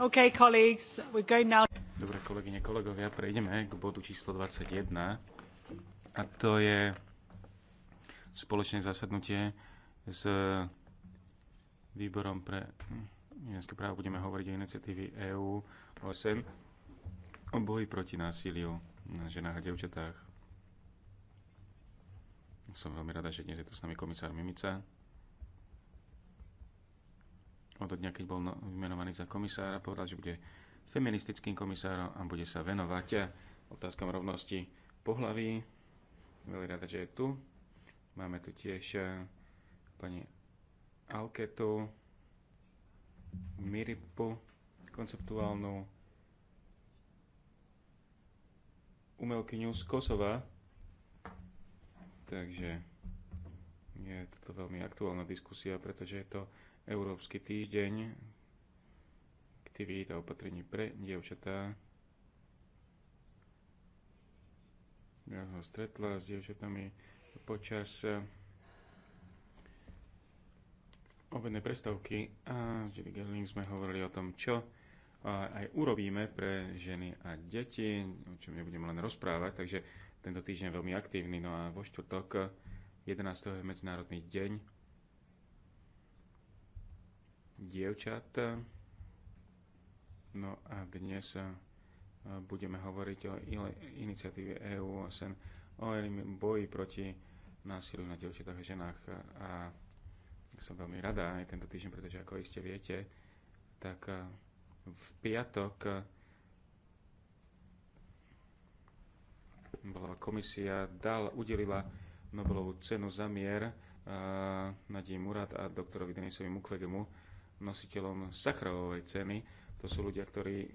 Okay, colleagues, we're going now. Dobre, kolegyne, kolegovia, prejdeme k bodu číslo 21. A to je spoločné zasadnutie s výborom pre ženské právo. Budeme hovoriť o iniciatívy EU 8 o boji proti násiliu na ženách a devčatách. Som veľmi rada, že dnes je tu s nami komisár Mimica od dňa, keď bol no, vymenovaný za komisára, povedal, že bude feministickým komisárom a bude sa venovať otázkam rovnosti pohlaví. Veľmi rada, že je tu. Máme tu tiež eh, pani Alketu, Miripu, konceptuálnu umelkyňu z Kosova. Takže je toto veľmi aktuálna diskusia, pretože je to Európsky týždeň aktivít a opatrení pre dievčatá. Ja som stretla s dievčatami počas eh, obednej prestavky a s Judy Gerling sme hovorili o tom, čo eh, aj urobíme pre ženy a deti, o čom nebudem len rozprávať, takže tento týždeň je veľmi aktívny. No a vo štvrtok 11. Eh, Medzinárodný deň dievčat. No a dnes eh, budeme hovoriť o iniciatíve EU OSN o boji proti násiliu na dievčatách a ženách. A som veľmi rada aj tento týždeň, pretože ako iste viete, tak eh, v piatok eh, bola komisia dal, udelila Nobelovú cenu za mier Nadí Murad a doktorovi Denisovi Mukwegemu nositeľom Sacharovej ceny. To sú ľudia, ktorí e, e,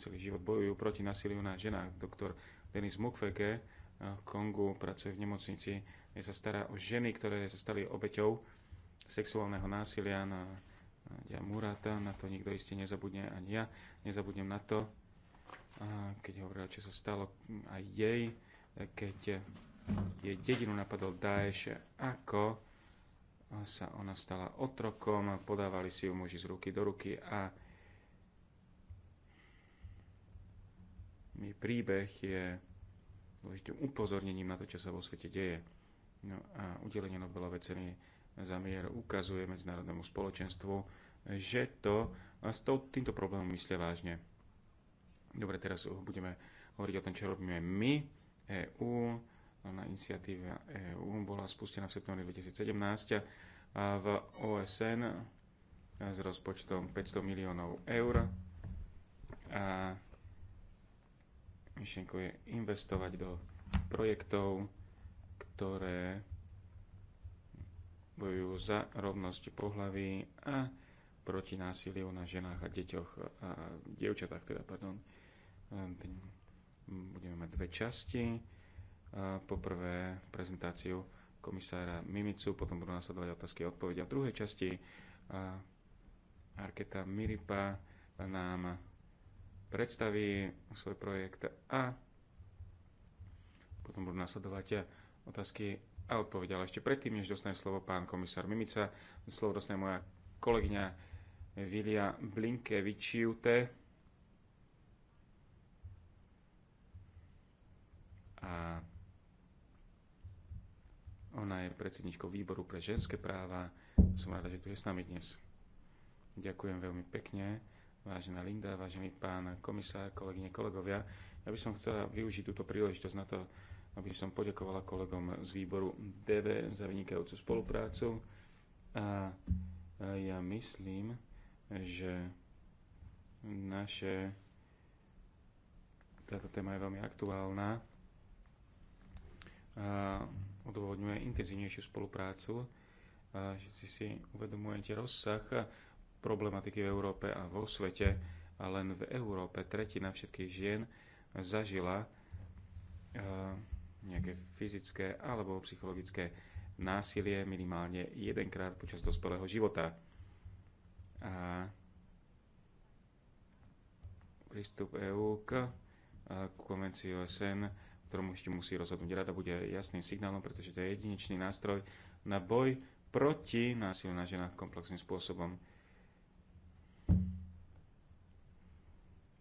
celý život bojujú proti nasiliu na ženách. Doktor Denis Mukwege e, v Kongu pracuje v nemocnici, kde sa stará o ženy, ktoré sa stali obeťou sexuálneho násilia na ja Murata, na to nikto iste nezabudne, ani ja nezabudnem na to, keď hovorila, čo sa stalo aj jej, keď jej dedinu napadol Daesh, ako sa ona stala otrokom, podávali si ju muži z ruky do ruky a jej príbeh je dôležitým upozornením na to, čo sa vo svete deje. No a udelenie Nobelovej ceny za mier ukazuje medzinárodnému spoločenstvu, že to s týmto problémom myslia vážne. Dobre, teraz budeme hovoriť o tom, čo robíme my, EU, na iniciatíve EÚ bola spustená v septembri 2017 v OSN s rozpočtom 500 miliónov eur a myšlienkou je investovať do projektov, ktoré bojujú za rovnosť pohlaví a proti násiliu na ženách a deťoch a dievčatách teda, pardon. Ehm, budeme mať dve časti poprvé prezentáciu komisára Mimicu, potom budú nasledovať otázky a odpovede. A v druhej časti Arketa Miripa nám predstaví svoj projekt a potom budú nasledovať otázky a odpovede. Ale ešte predtým, než dostane slovo pán komisár Mimica, slovo dostane moja kolegyňa Vilia Blinkevičiute. A ona je predsedničkou výboru pre ženské práva. Som rada, že tu je s nami dnes. Ďakujem veľmi pekne, vážená Linda, vážený pán komisár, kolegyne, kolegovia. Ja by som chcela využiť túto príležitosť na to, aby som poďakovala kolegom z výboru DV za vynikajúcu spoluprácu. A ja myslím, že naše táto téma je veľmi aktuálna. A odôvodňuje intenzívnejšiu spoluprácu. že si si uvedomujete rozsah problematiky v Európe a vo svete a len v Európe tretina všetkých žien zažila nejaké fyzické alebo psychologické násilie minimálne jedenkrát počas dospelého života. A prístup EÚ k konvencii OSN ktorom ešte musí rozhodnúť rada, bude jasným signálom, pretože to je jedinečný nástroj na boj proti násilu na ženách komplexným spôsobom.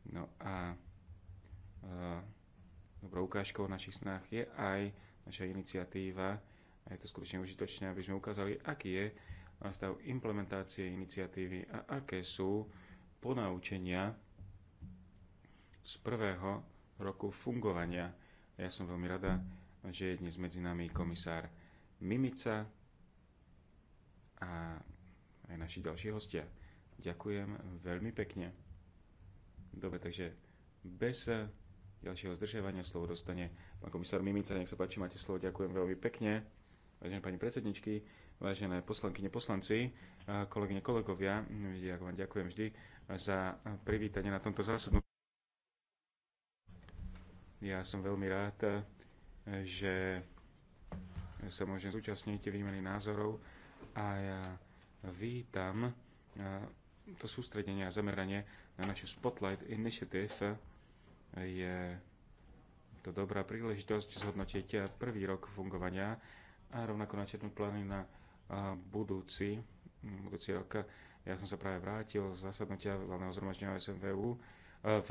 No a e, dobrou ukážkou našich snách je aj naša iniciatíva a je to skutočne užitočné, aby sme ukázali, aký je stav implementácie iniciatívy a aké sú ponaučenia z prvého roku fungovania. Ja som veľmi rada, že je dnes medzi nami komisár Mimica a aj naši ďalší hostia. Ďakujem veľmi pekne. Dobre, takže bez eh, ďalšieho zdržiavania slovo dostane pán komisár Mimica. Nech sa páči, máte slovo. Ďakujem veľmi pekne. Vážené pani predsedničky, vážené poslankyne, poslanci, eh, kolegyne, kolegovia, ja vám ďakujem vždy za privítanie na tomto zásadnom ja som veľmi rád, eh, že sa môžem zúčastniť výmeny názorov a ja vítam eh, to sústredenie a zameranie na našu Spotlight Initiative. Je to dobrá príležitosť zhodnotiť eh, prvý rok fungovania a rovnako načetnúť plány na budúci, mm, budúci rok. Ja som sa práve vrátil z zasadnutia hlavného zhromaždenia SMVU v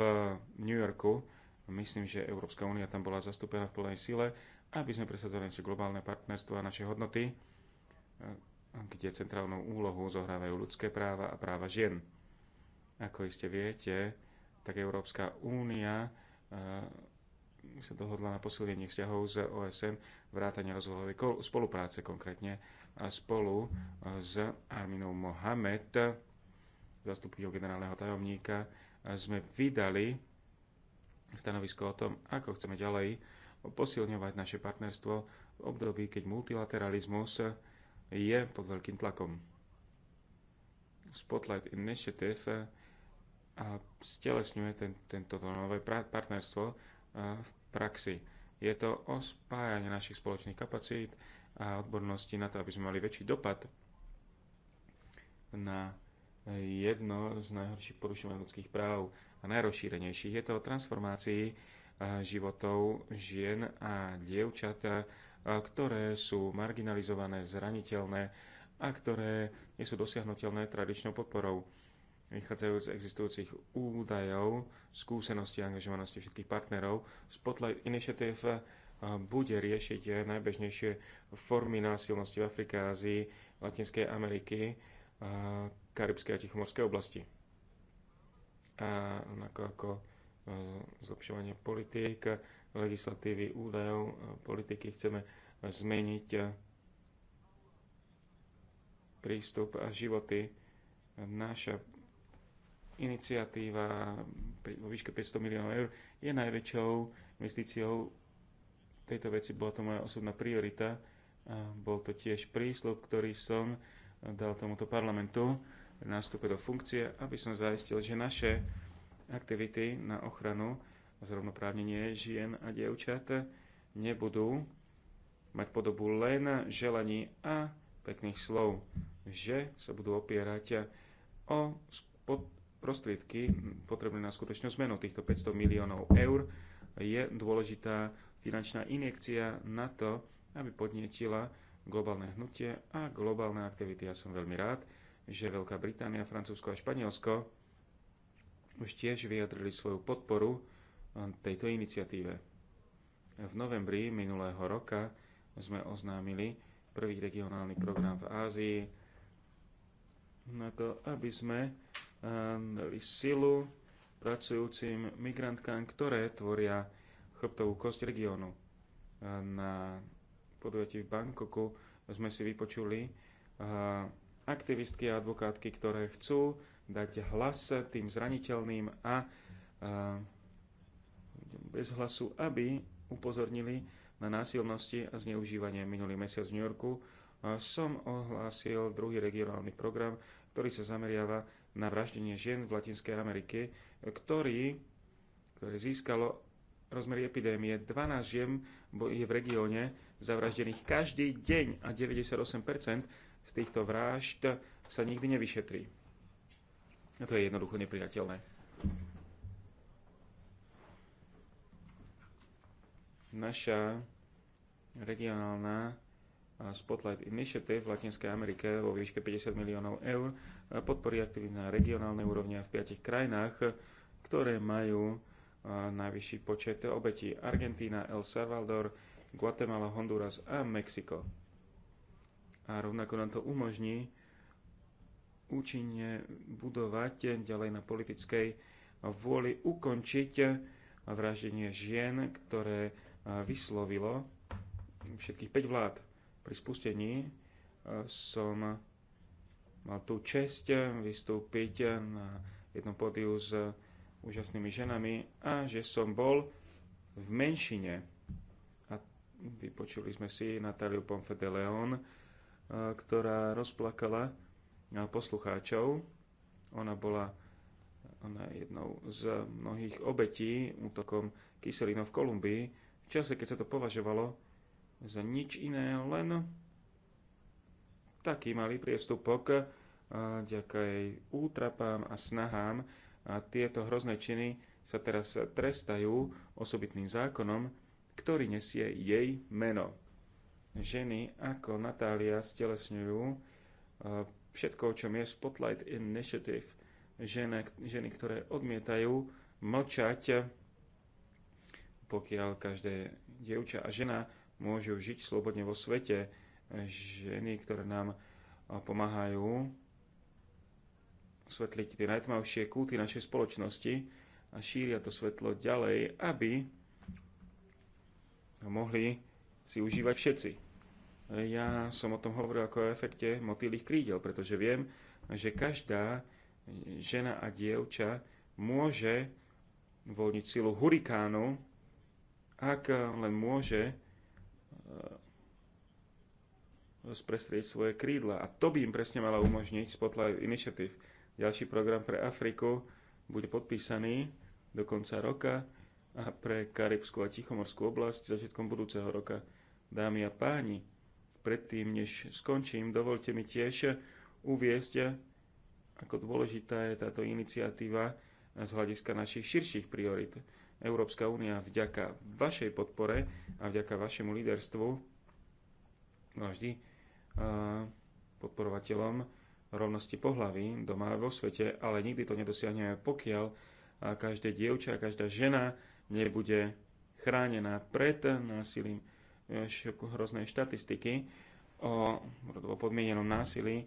New Yorku, Myslím, že Európska únia tam bola zastúpená v plnej sile, aby sme presadzovali naše globálne partnerstvo a naše hodnoty, e, kde centrálnou úlohu zohrávajú ľudské práva a práva žien. Ako iste viete, tak Európska únia e, sa dohodla na posilnenie vzťahov z OSN vrátane rozvojovej spolupráce konkrétne a spolu e, s Arminou Mohamed, zastupkyňou generálneho tajomníka, sme vydali stanovisko o tom, ako chceme ďalej posilňovať naše partnerstvo v období, keď multilateralizmus je pod veľkým tlakom. Spotlight Initiative eh, a stelesňuje ten, tento nové partnerstvo eh, v praxi. Je to o spájanie našich spoločných kapacít a odborností na to, aby sme mali väčší dopad na jedno z najhorších porušovaní ľudských práv a najrozšírenejších. Je to o transformácii eh, životov žien a dievčat, eh, ktoré sú marginalizované, zraniteľné a ktoré nie sú dosiahnutelné tradičnou podporou. Vychádzajú z existujúcich údajov, skúsenosti a angažovanosti všetkých partnerov, Spotlight Initiative eh, bude riešiť najbežnejšie formy násilnosti v Afrike, Ázii, Latinskej Ameriky, Karibskej a Tichomorskej oblasti. A onako ako e, zlepšovanie politík, legislatívy údajov, e, politiky chceme e, zmeniť prístup a životy. Naša iniciatíva vo výške 500 miliónov eur je najväčšou investíciou tejto veci. Bola to moja osobná priorita. Bol to tiež prísľub, ktorý som dal tomuto parlamentu nástupe do funkcie, aby som zaistil, že naše aktivity na ochranu a zrovnoprávnenie žien a dievčat nebudú mať podobu len želaní a pekných slov, že sa budú opierať o prostriedky potrebné na skutočnú zmenu. Týchto 500 miliónov eur je dôležitá finančná injekcia na to, aby podnietila globálne hnutie a globálne aktivity. Ja som veľmi rád, že Veľká Británia, Francúzsko a Španielsko už tiež vyjadrili svoju podporu eh, tejto iniciatíve. V novembri minulého roka sme oznámili prvý regionálny program v Ázii na to, aby sme eh, dali silu pracujúcim migrantkám, ktoré tvoria chrbtovú kosť regiónu. Eh, na podujatí v Bangkoku sme si vypočuli eh, aktivistky a advokátky, ktoré chcú dať hlas tým zraniteľným a eh, bez hlasu, aby upozornili na násilnosti a zneužívanie. Minulý mesiac v New Yorku eh, som ohlásil druhý regionálny program, ktorý sa zameriava na vraždenie žien v Latinskej Amerike, ktorý, ktoré získalo rozmery epidémie. 12 žien je v regióne zavraždených každý deň a 98% z týchto vražd sa nikdy nevyšetrí. A to je jednoducho nepriateľné. Naša regionálna Spotlight Initiative v Latinskej Amerike vo výške 50 miliónov eur podporí aktivity na regionálnej úrovni a v piatich krajinách, ktoré majú najvyšší počet obetí. Argentína, El Salvador, Guatemala, Honduras a Mexiko. A rovnako nám to umožní účinne budovať ďalej na politickej vôli ukončiť vraždenie žien, ktoré vyslovilo všetkých 5 vlád. Pri spustení som mal tú čest vystúpiť na jednom pódiu s úžasnými ženami a že som bol v menšine. Vypočuli sme si Natáliu Pomfe de Leon, e, ktorá rozplakala e, poslucháčov. Ona bola ona je jednou z mnohých obetí útokom kyselinov v Kolumbii, v čase, keď sa to považovalo za nič iné, len taký malý priestupok e, ďaká jej útrapám a snahám. A tieto hrozné činy sa teraz trestajú osobitným zákonom, ktorý nesie jej meno. Ženy ako Natália stelesňujú e, všetko, o čom je Spotlight Initiative. Žene, ženy, ktoré odmietajú mlčať, pokiaľ každé dievča a žena môžu žiť slobodne vo svete. Ženy, ktoré nám e, pomáhajú osvetliť tie najtmavšie kúty našej spoločnosti a šíria to svetlo ďalej, aby mohli si užívať všetci. Ja som o tom hovoril ako o efekte motýlých krídel, pretože viem, že každá žena a dievča môže voľniť silu hurikánu, ak len môže e, rozprestrieť svoje krídla. A to by im presne mala umožniť Spotlight Initiative. Ďalší program pre Afriku bude podpísaný do konca roka a pre Karibskú a Tichomorskú oblasť začiatkom budúceho roka. Dámy a páni, predtým než skončím, dovolte mi tiež uviesť, ako dôležitá je táto iniciatíva z hľadiska našich širších priorit. Európska únia vďaka vašej podpore a vďaka vašemu líderstvu vždy podporovateľom rovnosti pohlaví doma vo svete, ale nikdy to nedosiahneme, pokiaľ každé dievča, každá žena nebude chránená pred násilím. E, Šoku hrozné štatistiky o rodovo podmienenom násilí e,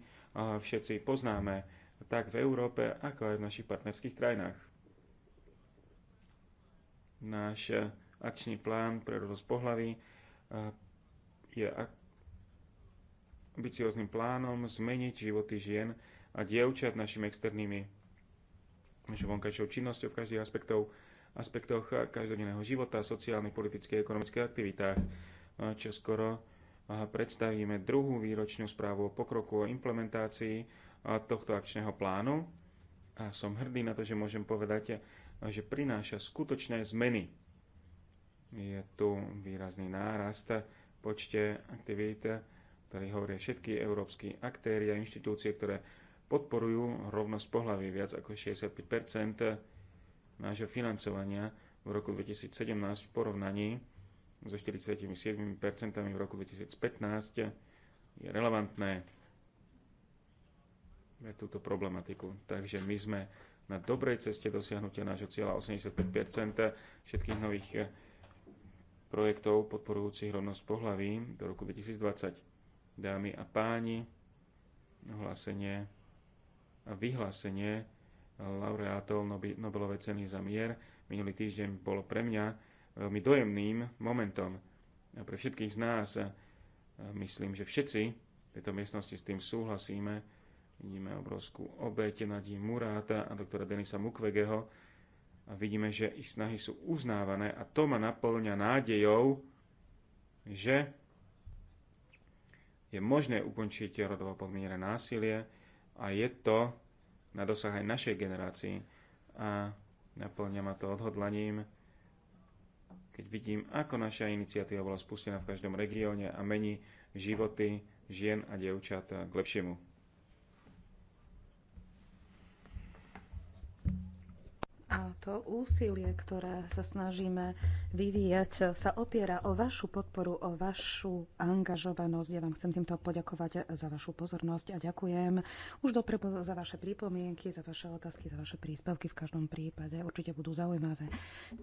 všetci poznáme tak v Európe, ako aj v našich partnerských krajinách. Náš akčný plán pre rovnosť pohlaví e, je ambicióznym plánom zmeniť životy žien a dievčat našimi externými našou vonkajšou činnosťou v každých aspektov aspektoch každodenného života, sociálnych, politických, ekonomických aktivitách. Čo skoro predstavíme druhú výročnú správu o pokroku o implementácii tohto akčného plánu. A som hrdý na to, že môžem povedať, že prináša skutočné zmeny. Je tu výrazný nárast počte aktivít, ktorý hovoria všetky európsky aktéry a inštitúcie, ktoré podporujú rovnosť pohľavy viac ako 65 nášho financovania v roku 2017 v porovnaní so 47% v roku 2015 je relevantné pre túto problematiku. Takže my sme na dobrej ceste dosiahnutia nášho cieľa 85% všetkých nových eh, projektov podporujúcich rovnosť pohlaví do roku 2020. Dámy a páni, hlásenie a vyhlásenie laureátov Nobelovej ceny za mier. Minulý týždeň bolo pre mňa veľmi dojemným momentom. A pre všetkých z nás, myslím, že všetci v tejto miestnosti s tým súhlasíme. Vidíme obrovskú obeť Nadí Muráta a doktora Denisa Mukwegeho a vidíme, že ich snahy sú uznávané a to ma naplňa nádejou, že je možné ukončiť rodovo podmienené násilie a je to na dosah aj našej generácii a naplňa ma to odhodlaním, keď vidím, ako naša iniciatíva bola spustená v každom regióne a mení životy žien a dievčat k lepšiemu. to úsilie, ktoré sa snažíme vyvíjať, sa opiera o vašu podporu, o vašu angažovanosť. Ja vám chcem týmto poďakovať za vašu pozornosť a ďakujem už dopredu za vaše pripomienky, za vaše otázky, za vaše príspevky. V každom prípade určite budú zaujímavé.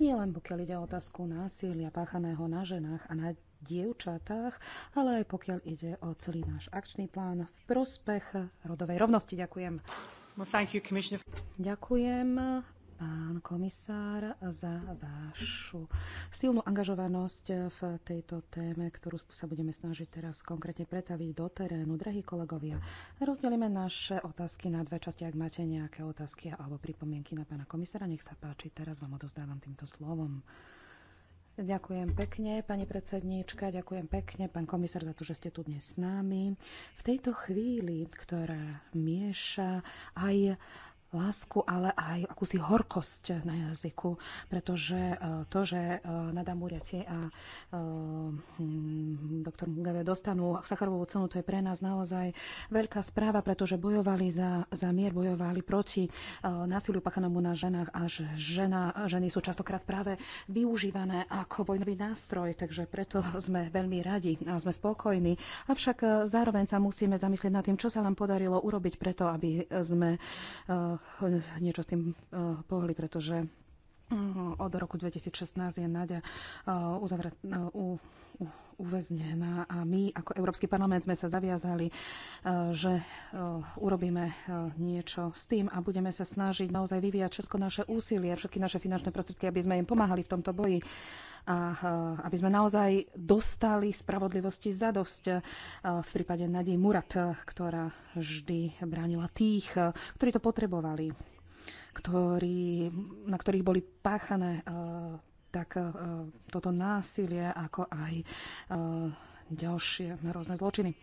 Nie len pokiaľ ide o otázku násilia páchaného na ženách a na dievčatách, ale aj pokiaľ ide o celý náš akčný plán v prospech rodovej rovnosti. Ďakujem. Well, you, Ďakujem pán komisár, za vašu silnú angažovanosť v tejto téme, ktorú sa budeme snažiť teraz konkrétne pretaviť do terénu. Drahí kolegovia, rozdelíme naše otázky na dve časti. Ak máte nejaké otázky alebo pripomienky na pána komisára, nech sa páči, teraz vám odozdávam týmto slovom. Ďakujem pekne, pani predsednička, ďakujem pekne, pán komisár, za to, že ste tu dnes s nami. V tejto chvíli, ktorá mieša aj lásku, ale aj akúsi horkosť na jazyku, pretože e, to, že e, Nada Muriate a e, hm, doktor Mugave dostanú Sacharovú cenu, to je pre nás naozaj veľká správa, pretože bojovali za, za mier, bojovali proti násiliu pachanomu na ženách a žena, ženy sú častokrát práve využívané ako vojnový nástroj, takže preto sme veľmi radi a sme spokojní. Avšak zároveň sa musíme zamyslieť nad tým, čo sa nám podarilo urobiť preto, aby sme niečo s tým eh, pohli, pretože eh, od roku 2016 je Nadia eh, uzavret, u, uväznená a my ako Európsky parlament sme sa zaviazali, že urobíme niečo s tým a budeme sa snažiť naozaj vyvíjať všetko naše úsilie, všetky naše finančné prostriedky, aby sme im pomáhali v tomto boji a aby sme naozaj dostali spravodlivosti za dosť v prípade Nadie Murat, ktorá vždy bránila tých, ktorí to potrebovali, ktorí, na ktorých boli páchané tak toto násilie, ako aj ďalšie rôzne zločiny.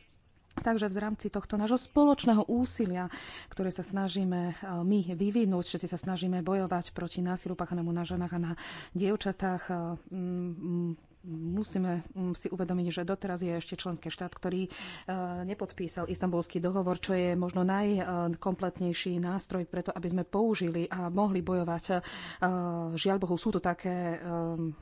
Takže v rámci tohto nášho spoločného úsilia, ktoré sa snažíme e, my vyvinúť, všetci sa snažíme bojovať proti násilu páchanému na ženách a na dievčatách, e, musíme mm, si uvedomiť, že doteraz je ešte členský štát, ktorý e, nepodpísal istambulský dohovor, čo je možno najkompletnejší nástroj preto, aby sme použili a mohli bojovať. E, žiaľ Bohu, sú to také e,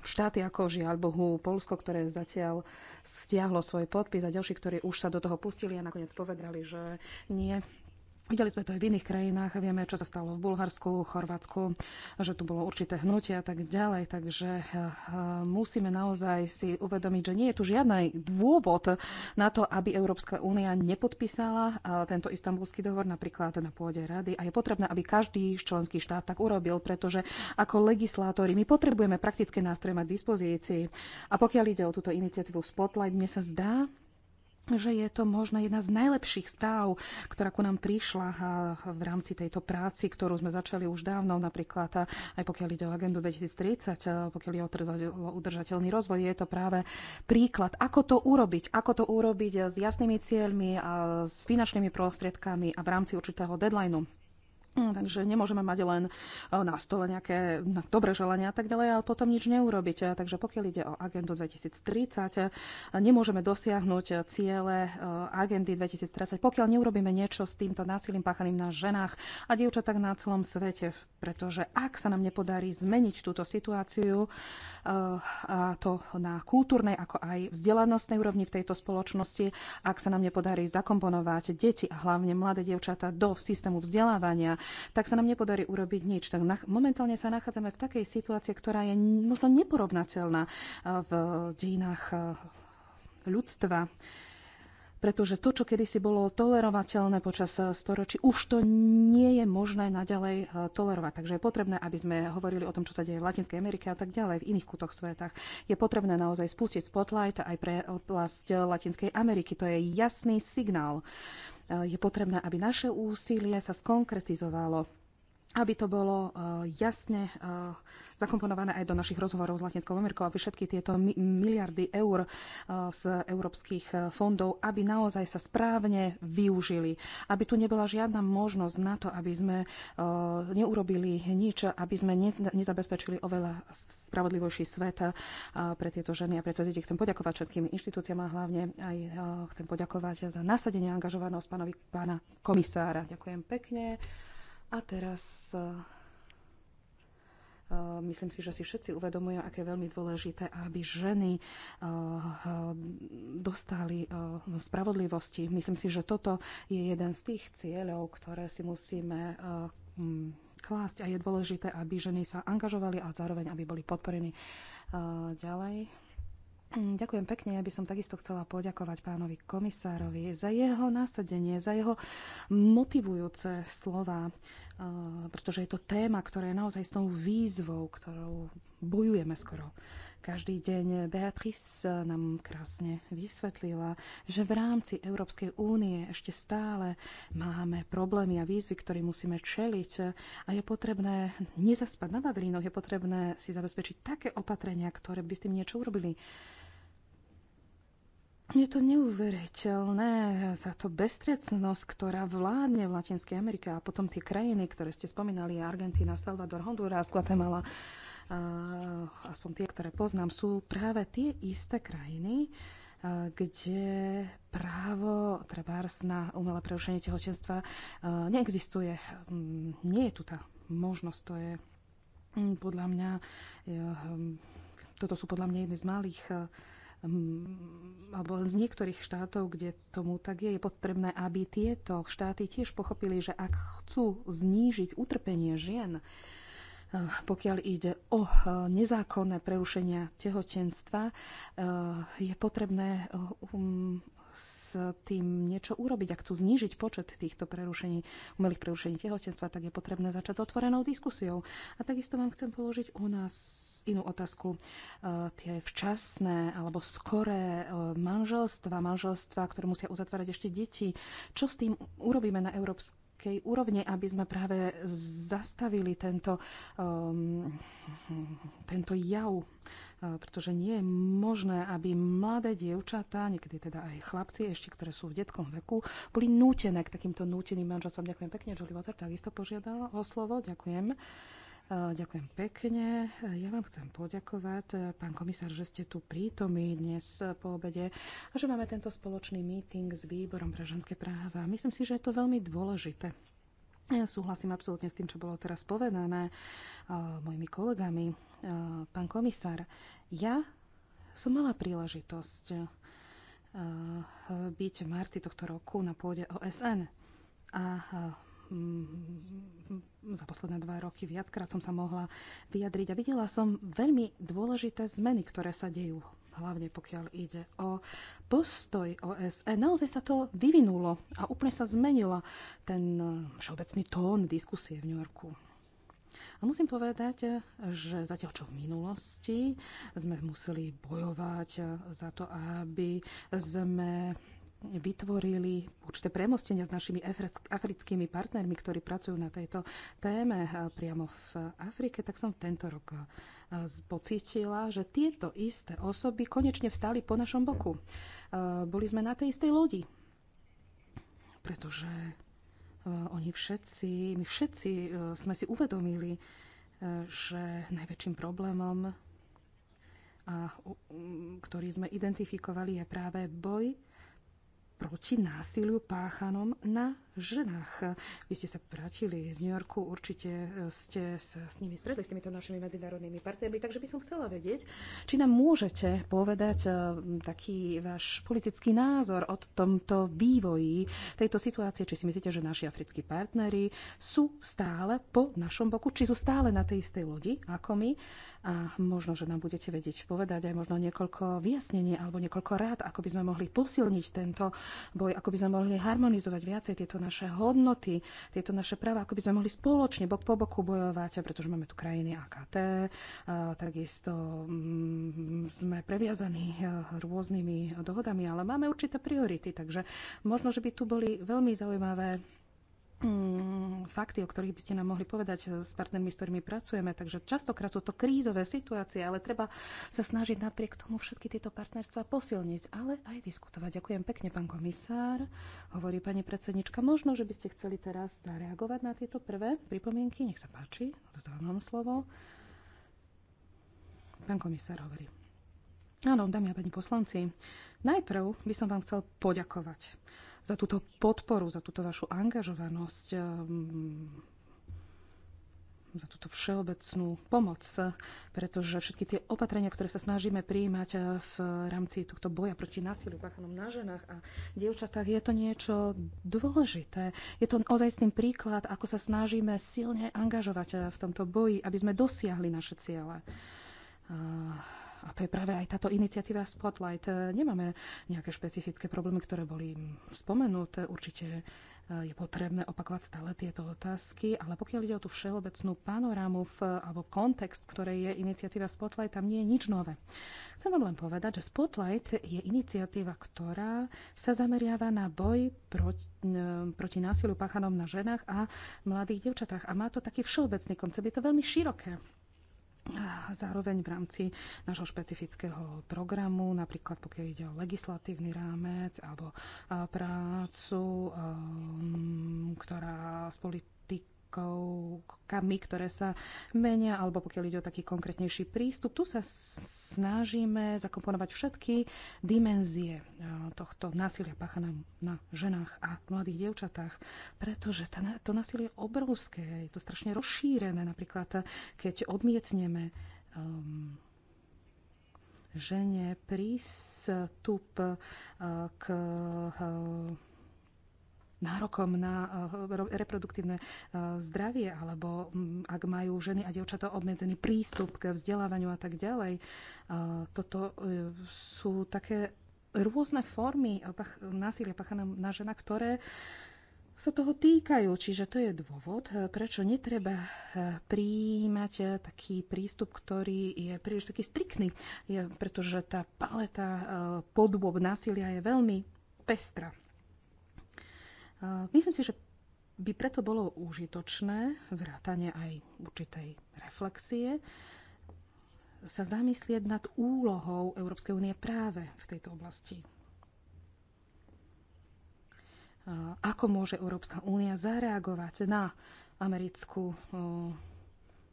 štáty ako Žiaľ Bohu Polsko, ktoré zatiaľ stiahlo svoj podpis a ďalší, ktorí už sa do toho pustili a nakoniec povedali, že nie, Videli sme to aj v iných krajinách, vieme, čo sa stalo v Bulharsku, Chorvátsku, že tu bolo určité hnutie a tak ďalej. Takže eh, eh, musíme naozaj si uvedomiť, že nie je tu žiadny dôvod na to, aby Európska únia nepodpísala eh, tento istambulský dohovor napríklad na pôde rady. A je potrebné, aby každý členský štát tak urobil, pretože ako legislátori my potrebujeme praktické nástroje mať dispozícii. A pokiaľ ide o túto iniciatívu Spotlight, mne sa zdá, že je to možno jedna z najlepších správ, ktorá ku nám prišla v rámci tejto práci, ktorú sme začali už dávno, napríklad aj pokiaľ ide o agendu 2030, pokiaľ je o udržateľný rozvoj, je to práve príklad, ako to urobiť, ako to urobiť s jasnými cieľmi a s finančnými prostriedkami a v rámci určitého deadlineu. Hm, takže nemôžeme mať len e, na stole nejaké dobré želania a tak ďalej, ale potom nič neurobiť. E, takže pokiaľ ide o agendu 2030, e, nemôžeme dosiahnuť ciele agendy 2030, pokiaľ neurobíme niečo s týmto násilím páchaným na ženách a dievčatách na celom svete. Pretože ak sa nám nepodarí zmeniť túto situáciu, a to na kultúrnej ako aj vzdelanostnej úrovni v tejto spoločnosti, ak sa nám nepodarí zakomponovať deti a hlavne mladé dievčatá do systému vzdelávania, tak sa nám nepodarí urobiť nič. Tak na, momentálne sa nachádzame v takej situácii, ktorá je možno neporovnateľná e, v dejinách e, ľudstva pretože to, čo kedysi bolo tolerovateľné počas e, storočí, už to nie je možné naďalej tolerovať. Takže je potrebné, aby sme hovorili o tom, čo sa deje v Latinskej Amerike a tak ďalej, v iných kútoch svetách. Je potrebné naozaj spustiť spotlight aj pre oblasť Latinskej Ameriky. To je jasný signál Eh, je potrebné, aby naše úsilie sa skonkretizovalo aby to bolo eh, jasne eh, zakomponované aj do našich rozhovorov s Latinskou Amerikou, aby všetky tieto miliardy eur eh, z európskych fondov, aby naozaj sa správne využili. Aby tu nebola žiadna možnosť na to, aby sme neurobili nič, aby sme nezabezpečili oveľa spravodlivejší svet pre tieto ženy a pre tieto deti. Chcem poďakovať všetkým inštitúciám a hlavne aj chcem poďakovať za nasadenie a angažovanosť pánovi pána komisára. Ďakujem pekne. A teraz e, e, myslím si, že si všetci uvedomujú, aké je veľmi dôležité, aby ženy e, dostali spravodlivosti. Myslím si, že toto je jeden z tých cieľov, ktoré si musíme klásť a je dôležité, aby ženy sa angažovali a zároveň, aby boli podporení ďalej. Mm, ďakujem pekne. Ja by som takisto chcela poďakovať pánovi komisárovi za jeho násadenie, za jeho motivujúce slova, eh, pretože je to téma, ktorá je naozaj s tou výzvou, ktorou bojujeme skoro každý deň. Beatrice nám krásne vysvetlila, že v rámci Európskej únie ešte stále máme problémy a výzvy, ktorým musíme čeliť a je potrebné nezaspať na Vavrínoch, je potrebné si zabezpečiť také opatrenia, ktoré by s tým niečo urobili. Je to neuveriteľné za to bestrecnosť, ktorá vládne v Latinskej Amerike a potom tie krajiny, ktoré ste spomínali, Argentína, Salvador, Honduras, Guatemala, Eh, aspoň tie, ktoré poznám, sú práve tie isté krajiny, eh, kde právo trebárs na umelé prerušenie tehotenstva eh, neexistuje. Mm, nie je tu tá možnosť, to je mm, podľa mňa, toto sú podľa mňa jedny z malých mm, alebo z niektorých štátov, kde tomu tak je, je potrebné, aby tieto štáty tiež pochopili, že ak chcú znížiť utrpenie žien, Eh, pokiaľ ide o eh, nezákonné prerušenia tehotenstva, eh, je potrebné um, s tým niečo urobiť. Ak chcú znížiť počet týchto prerušení, umelých prerušení tehotenstva, tak je potrebné začať s otvorenou diskusiou. A takisto vám chcem položiť u nás inú otázku. Tie včasné alebo skoré manželstva, manželstva, ktoré musia uzatvárať ešte deti, čo s tým urobíme na európskej takej úrovne, aby sme práve zastavili tento, um, tento jav, uh, pretože nie je možné, aby mladé dievčatá, niekedy teda aj chlapci, ešte ktoré sú v detskom veku, boli nútené k takýmto núteným manželstvom. Ďakujem pekne, Julie Water takisto požiadala o slovo. Ďakujem. Eh, ďakujem pekne. Eh, ja vám chcem poďakovať, eh, pán komisár, že ste tu prítomí dnes po obede a že máme tento spoločný meeting s Výborom pre ženské práva. Myslím si, že je to veľmi dôležité. Ja súhlasím absolútne s tým, čo bolo teraz povedané mojimi kolegami. Pán komisár, ja som mala príležitosť byť v marci tohto roku na pôde OSN. A Mm, za posledné dva roky viackrát som sa mohla vyjadriť a videla som veľmi dôležité zmeny, ktoré sa dejú, hlavne pokiaľ ide o postoj OSN. Naozaj sa to vyvinulo a úplne sa zmenila ten eh, všeobecný tón diskusie v New Yorku. A musím povedať, eh, že zatiaľ čo v minulosti sme museli bojovať eh, za to, aby sme vytvorili určité premostenia s našimi africkými partnermi, ktorí pracujú na tejto téme eh, priamo v Afrike, tak som tento rok eh, pocítila, že tieto isté osoby konečne vstali po našom boku. Eh, boli sme na tej istej lodi, pretože oni všetci, my všetci sme si uvedomili, že najväčším problémom, a, ktorý sme identifikovali, je práve boj proti násiliu páchanom na ženách. Vy ste sa vrátili z New Yorku, určite e, ste sa s nimi stretli, s týmito našimi medzinárodnými partnermi, takže by som chcela vedieť, či nám môžete povedať e, taký váš politický názor o tomto vývoji tejto situácie, či si myslíte, že naši africkí partnery sú stále po našom boku, či sú stále na tej istej lodi ako my a možno, že nám budete vedieť povedať aj možno niekoľko vyjasnení alebo niekoľko rád, ako by sme mohli posilniť tento boj, ako by sme mohli harmonizovať viacej tieto naše hodnoty, tieto naše práva, ako by sme mohli spoločne bok po boku bojovať, pretože máme tu krajiny AKT, takisto mm, sme previazaní e, rôznymi dohodami, ale máme určité priority, takže možno, že by tu boli veľmi zaujímavé Mm, fakty, o ktorých by ste nám mohli povedať eh, s partnermi, s ktorými pracujeme. Takže častokrát sú to krízové situácie, ale treba sa snažiť napriek tomu všetky tieto partnerstva posilniť, ale aj diskutovať. Ďakujem pekne, pán komisár. Hovorí pani predsednička, možno, že by ste chceli teraz zareagovať na tieto prvé pripomienky. Nech sa páči, odozvám vám slovo. Pán komisár hovorí. Áno, dámy a pani poslanci, najprv by som vám chcel poďakovať za túto podporu, za túto vašu angažovanosť, ehm, za túto všeobecnú pomoc, pretože všetky tie opatrenia, ktoré sa snažíme prijímať eh, v rámci tohto boja proti násiliu páchanom na ženách a dievčatách, je to niečo dôležité. Je to ozajstný príklad, ako sa snažíme silne angažovať eh, v tomto boji, aby sme dosiahli naše ciele eh, a to je práve aj táto iniciatíva Spotlight. E, nemáme nejaké špecifické problémy, ktoré boli spomenuté. Určite e, je potrebné opakovať stále tieto otázky, ale pokiaľ ide o tú všeobecnú panorámu v, alebo kontext, ktoré je iniciatíva Spotlight, tam nie je nič nové. Chcem vám len povedať, že Spotlight je iniciatíva, ktorá sa zameriava na boj proti, e, proti násiliu páchanom na ženách a mladých devčatách. A má to taký všeobecný koncept, je to veľmi široké. Zároveň v rámci nášho špecifického programu, napríklad pokiaľ ide o legislatívny rámec alebo prácu, ktorá s polit- prvkami, ktoré sa menia, alebo pokiaľ ide o taký konkrétnejší prístup. Tu sa snažíme zakomponovať všetky dimenzie e, tohto násilia páchaného na ženách a mladých dievčatách, pretože to násilie je obrovské, je to strašne rozšírené. Napríklad, e, keď odmietneme um, žene prístup e, k nárokom na eh, reproduktívne eh, zdravie, alebo mm, ak majú ženy a dievčatá obmedzený prístup k vzdelávaniu a tak ďalej. Eh, toto sú také rôzne formy násilia páchaného na žena, ktoré sa toho týkajú. Čiže to je dôvod, prečo netreba prijímať taký prístup, ktorý je príliš taký striktný, pretože tá paleta podôb násilia je veľmi pestrá. Myslím si, že by preto bolo užitočné vrátanie aj určitej reflexie sa zamyslieť nad úlohou Európskej únie práve v tejto oblasti. Ako môže Európska únia zareagovať na americkú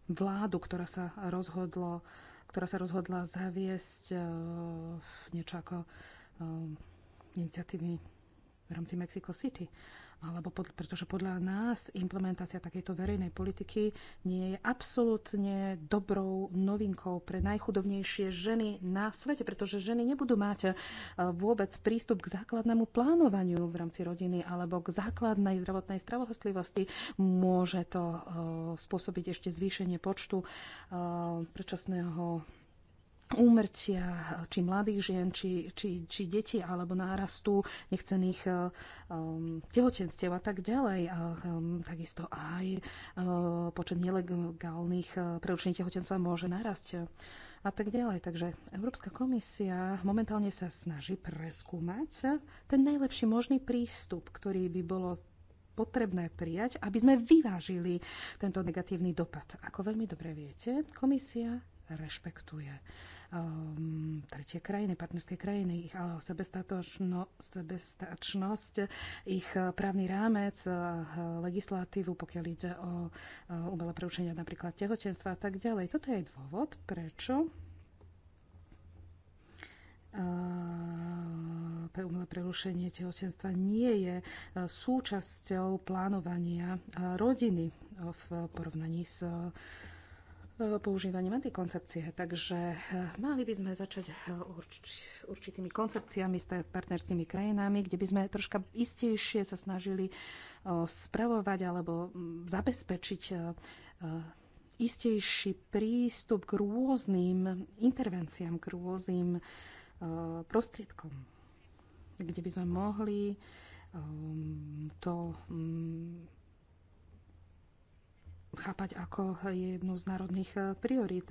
vládu, ktorá sa, rozhodlo, ktorá sa rozhodla zaviesť niečo ako iniciatívy v rámci Mexico City. Alebo pod, pretože podľa nás implementácia takejto verejnej politiky nie je absolútne dobrou novinkou pre najchudobnejšie ženy na svete, pretože ženy nebudú mať e, vôbec prístup k základnému plánovaniu v rámci rodiny alebo k základnej zdravotnej stravohostlivosti, Môže to e, spôsobiť ešte zvýšenie počtu e, predčasného úmrtia či mladých žien, či, či, či detí, alebo nárastu nechcených um, tehotenstiev a tak ďalej. A, um, takisto aj um, počet nelegálnych uh, tehotenstva môže narasť a tak ďalej. Takže Európska komisia momentálne sa snaží preskúmať ten najlepší možný prístup, ktorý by bolo potrebné prijať, aby sme vyvážili tento negatívny dopad. Ako veľmi dobre viete, komisia rešpektuje um, tretie krajiny, partnerské krajiny, ich sebestačnosť, ich eh, právny rámec, eh, eh, legislatívu, pokiaľ ide o umelé preučenia napríklad tehotenstva a tak ďalej. Toto je dôvod, prečo pre umelé prerušenie tehotenstva nie je súčasťou plánovania rodiny v porovnaní s používaním antikoncepcie. Takže eh, mali by sme začať eh, s určitými koncepciami s partnerskými krajinami, kde by sme troška istejšie sa snažili eh, spravovať alebo mm, zabezpečiť istejší prístup k rôznym intervenciám, k rôznym prostriedkom, kde by sme mohli to mm, chápať ako jednu z národných eh, priorít.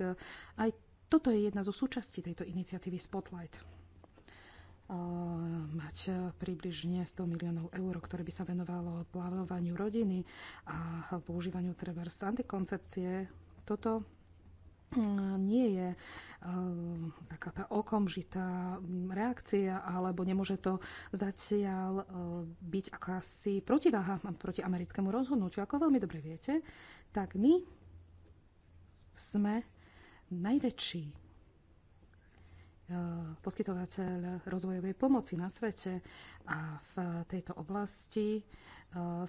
Aj toto je jedna zo súčastí tejto iniciatívy Spotlight. Eh, mať eh, približne 100 miliónov eur, ktoré by sa venovalo plánovaniu rodiny a používaniu trebárs antikoncepcie. Toto mm, nie je taká tá okamžitá mm, reakcia, alebo nemôže to zatiaľ byť akási protiváha proti americkému rozhodnutiu. Ako veľmi dobre viete, tak my sme najväčší e, poskytovateľ rozvojovej pomoci na svete a v tejto oblasti e,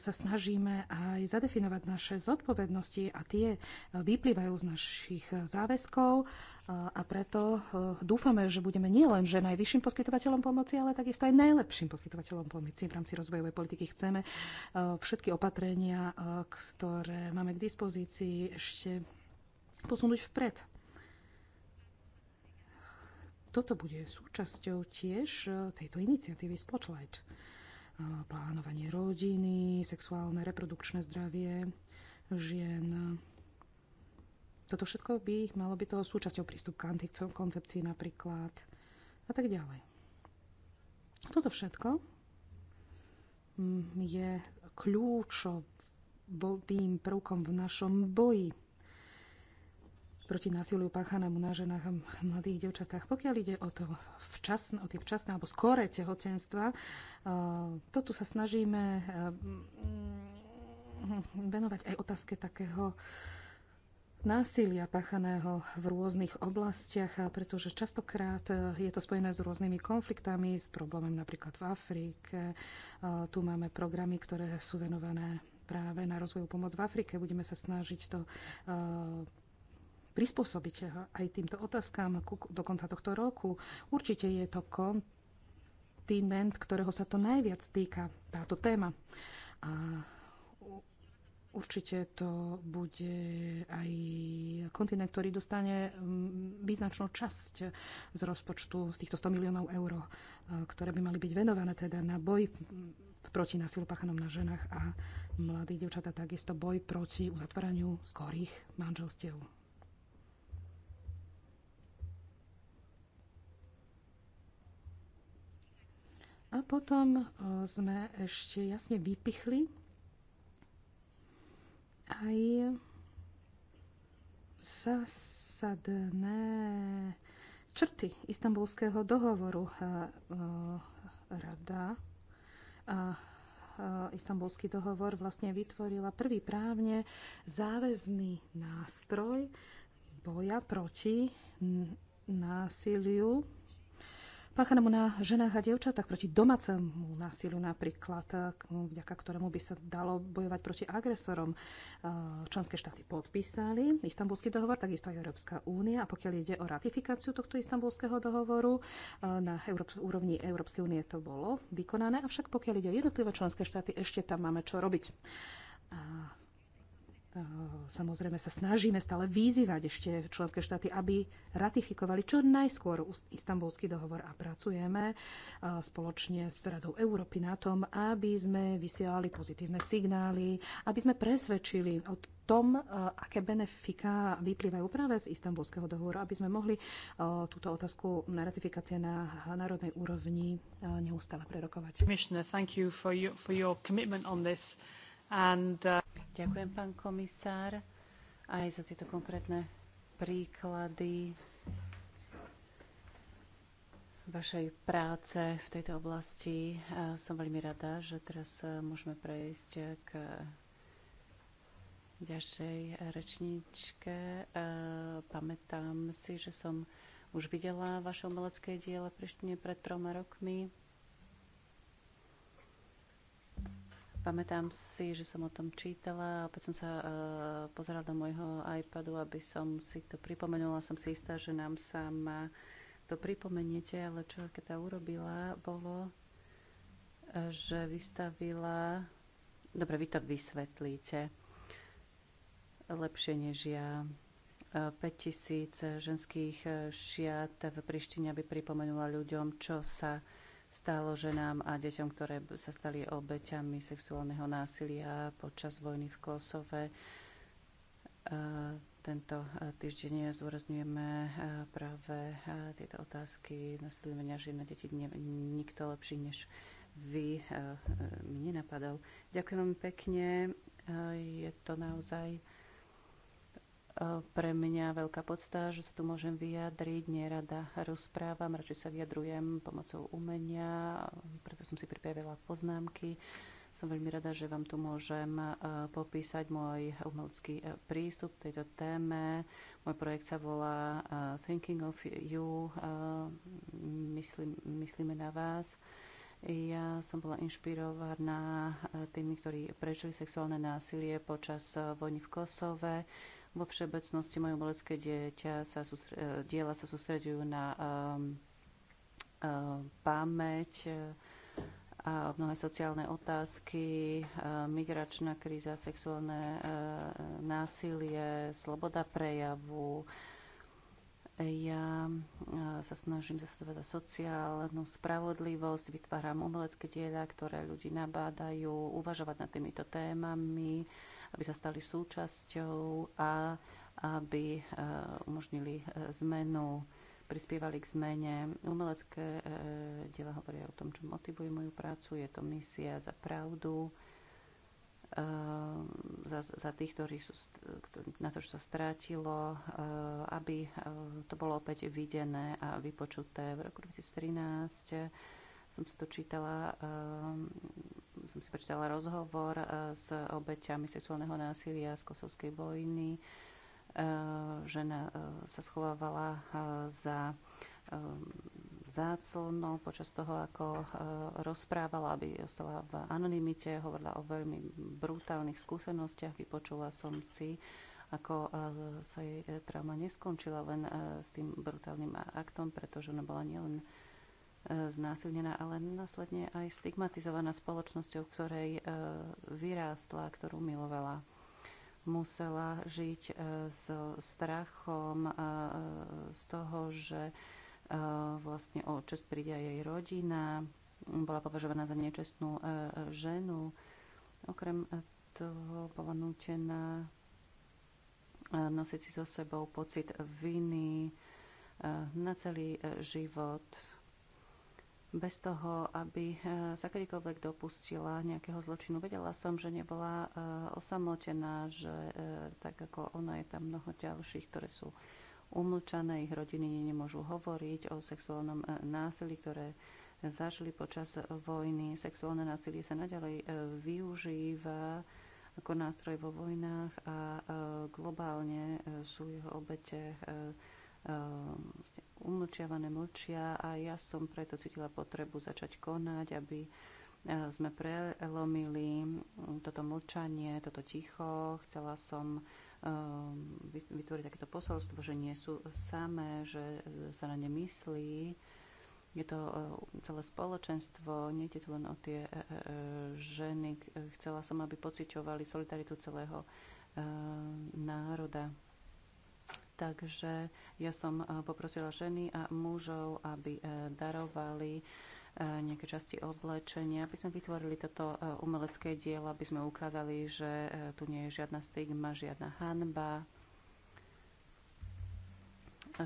sa snažíme aj zadefinovať naše zodpovednosti a tie vyplývajú z našich záväzkov a preto e, dúfame, že budeme nielen že najvyšším poskytovateľom pomoci, ale takisto aj najlepším poskytovateľom pomoci v rámci rozvojovej politiky. Chceme e, všetky opatrenia, e, ktoré máme k dispozícii, ešte posunúť vpred. Toto bude súčasťou tiež tejto iniciatívy Spotlight. Plánovanie rodiny, sexuálne reprodukčné zdravie žien, toto všetko by malo byť toho súčasťou prístup k antikoncepcii napríklad a tak ďalej. Toto všetko mm, je kľúčovým prvkom v našom boji proti násiliu páchanému na ženách a mladých devčatách. Pokiaľ ide o, to včasné, o tie včasné alebo skoré tehotenstva, to tu sa snažíme mm, venovať aj otázke takého násilia pachaného v rôznych oblastiach, pretože častokrát eh, je to spojené s rôznymi konfliktami, s problémom napríklad v Afrike. Eh, tu máme programy, ktoré sú venované práve na rozvoju pomoc v Afrike. Budeme sa snažiť to eh, prispôsobiť aj týmto otázkam do konca tohto roku. Určite je to kontinent, ktorého sa to najviac týka, táto téma. A Určite to bude aj kontinent, ktorý dostane mm, význačnú časť z rozpočtu z týchto 100 miliónov eur, e, ktoré by mali byť venované teda na boj proti násilu páchanom na ženách a mladých devčatá takisto boj proti uzatváraniu skorých manželstiev. A potom e, sme ešte jasne vypichli Aí zasadné črty istambulského dohovoru. Eh, eh, rada a eh, istambulský dohovor vlastne vytvorila prvý právne záväzný nástroj boja proti násiliu páchanému na ženách a dievčatách, proti domácemu násiliu napríklad, eh, vďaka ktorému by sa dalo bojovať proti agresorom. Eh, členské štáty podpísali istambulský dohovor, takisto aj Európska únia. A pokiaľ ide o ratifikáciu tohto istambulského dohovoru, eh, na Európ- úrovni Európskej únie to bolo vykonané, avšak pokiaľ ide o jednotlivé členské štáty, ešte tam máme čo robiť. Eh, samozrejme sa snažíme stále vyzývať ešte členské štáty, aby ratifikovali čo najskôr istambulský dohovor a pracujeme eh, spoločne s Radou Európy na tom, aby sme vysielali pozitívne signály, aby sme presvedčili o tom, eh, aké benefika vyplývajú práve z istambulského dohovoru, aby sme mohli túto otázku na ratifikácie na národnej úrovni neustále prerokovať. And, uh... Ďakujem, pán komisár, aj za tieto konkrétne príklady vašej práce v tejto oblasti. som veľmi rada, že teraz e, môžeme prejsť k ďalšej rečničke. E, pamätám si, že som už videla vaše umelecké diela Prištine pred troma rokmi. Pamätám si, že som o tom čítala a opäť som sa uh, e, pozerala do môjho iPadu, aby som si to pripomenula. Som si istá, že nám sa má to pripomeniete, ale čo keď tá urobila, bolo, e, že vystavila... Dobre, vy to vysvetlíte lepšie než ja. 5000 e, ženských šiat v Prištine, aby pripomenula ľuďom, čo sa stalo ženám a deťom, ktoré sa stali obeťami sexuálneho násilia počas vojny v Kosove. E, tento e, týždeň zúrazňujeme e, práve tieto otázky nasledovania žien a deti. Nikto lepší než vy mi nenapadol. Ďakujem veľmi pekne. Je to naozaj pre mňa veľká podsta, že sa tu môžem vyjadriť. Nerada rozprávam, radšej sa vyjadrujem pomocou umenia, preto som si pripravila poznámky. Som veľmi rada, že vám tu môžem e, popísať môj umelecký e, prístup k tejto téme. Môj projekt sa volá e, Thinking of You, Myslím, myslíme na vás. Ja som bola inšpirovaná tými, ktorí prečili sexuálne násilie počas vojny v Kosove. Vo všeobecnosti moje umelecké dieťa sa sústre, e, diela sa sústredujú na um, um, pamäť, e, a mnohé sociálne otázky, migračná kríza, sexuálne násilie, sloboda prejavu. Ja sa snažím zasadovať za sociálnu spravodlivosť, vytváram umelecké diela, ktoré ľudí nabádajú uvažovať nad týmito témami aby sa stali súčasťou a aby e, umožnili e, zmenu, prispievali k zmene. Umelecké e, diela hovoria o tom, čo motivuje moju prácu. Je to misia za pravdu, za, za tých, ktorí sú, na to, čo sa strátilo, aby to bolo opäť videné a vypočuté. V roku 2013 som si to čítala, ehm, som si prečítala rozhovor eh, s obeťami sexuálneho násilia z kosovskej vojny. Eh, žena eh, sa schovávala za ehm, záclnou počas toho, ako rozprávala, aby ostala v anonimite, hovorila o veľmi brutálnych skúsenostiach, vypočula som si ako sa jej trauma neskončila len s tým brutálnym aktom, pretože ona bola nielen znásilnená, ale následne aj stigmatizovaná spoločnosťou, ktorej e, vyrástla, ktorú milovala. Musela žiť e, so strachom e, z toho, že vlastne o čest príde aj jej rodina, bola považovaná za nečestnú ženu. Okrem toho bola nútená nosiť si so sebou pocit viny na celý život bez toho, aby eh, sa kedykoľvek dopustila nejakého zločinu. Vedela som, že nebola eh, osamotená, že eh, tak ako ona je tam mnoho ďalších, ktoré sú umlčané, ich rodiny nemôžu hovoriť o sexuálnom násilí, ktoré zažili počas vojny. Sexuálne násilie sa naďalej využíva ako nástroj vo vojnách a globálne sú jeho obete umlčiavané, mlčia a ja som preto cítila potrebu začať konať, aby e, sme prelomili toto mlčanie, toto ticho. Chcela som e, vytvoriť takéto posolstvo, že nie sú samé, že e, sa na ne myslí. Je to celé spoločenstvo, nie je to len o tie ženy. Chcela som, aby pociťovali solidaritu celého národa. Takže ja som eh, poprosila ženy a mužov, aby eh, darovali eh, nejaké časti oblečenia, aby sme vytvorili toto umelecké dielo, aby sme ukázali, že tu nie je žiadna stigma, žiadna hanba.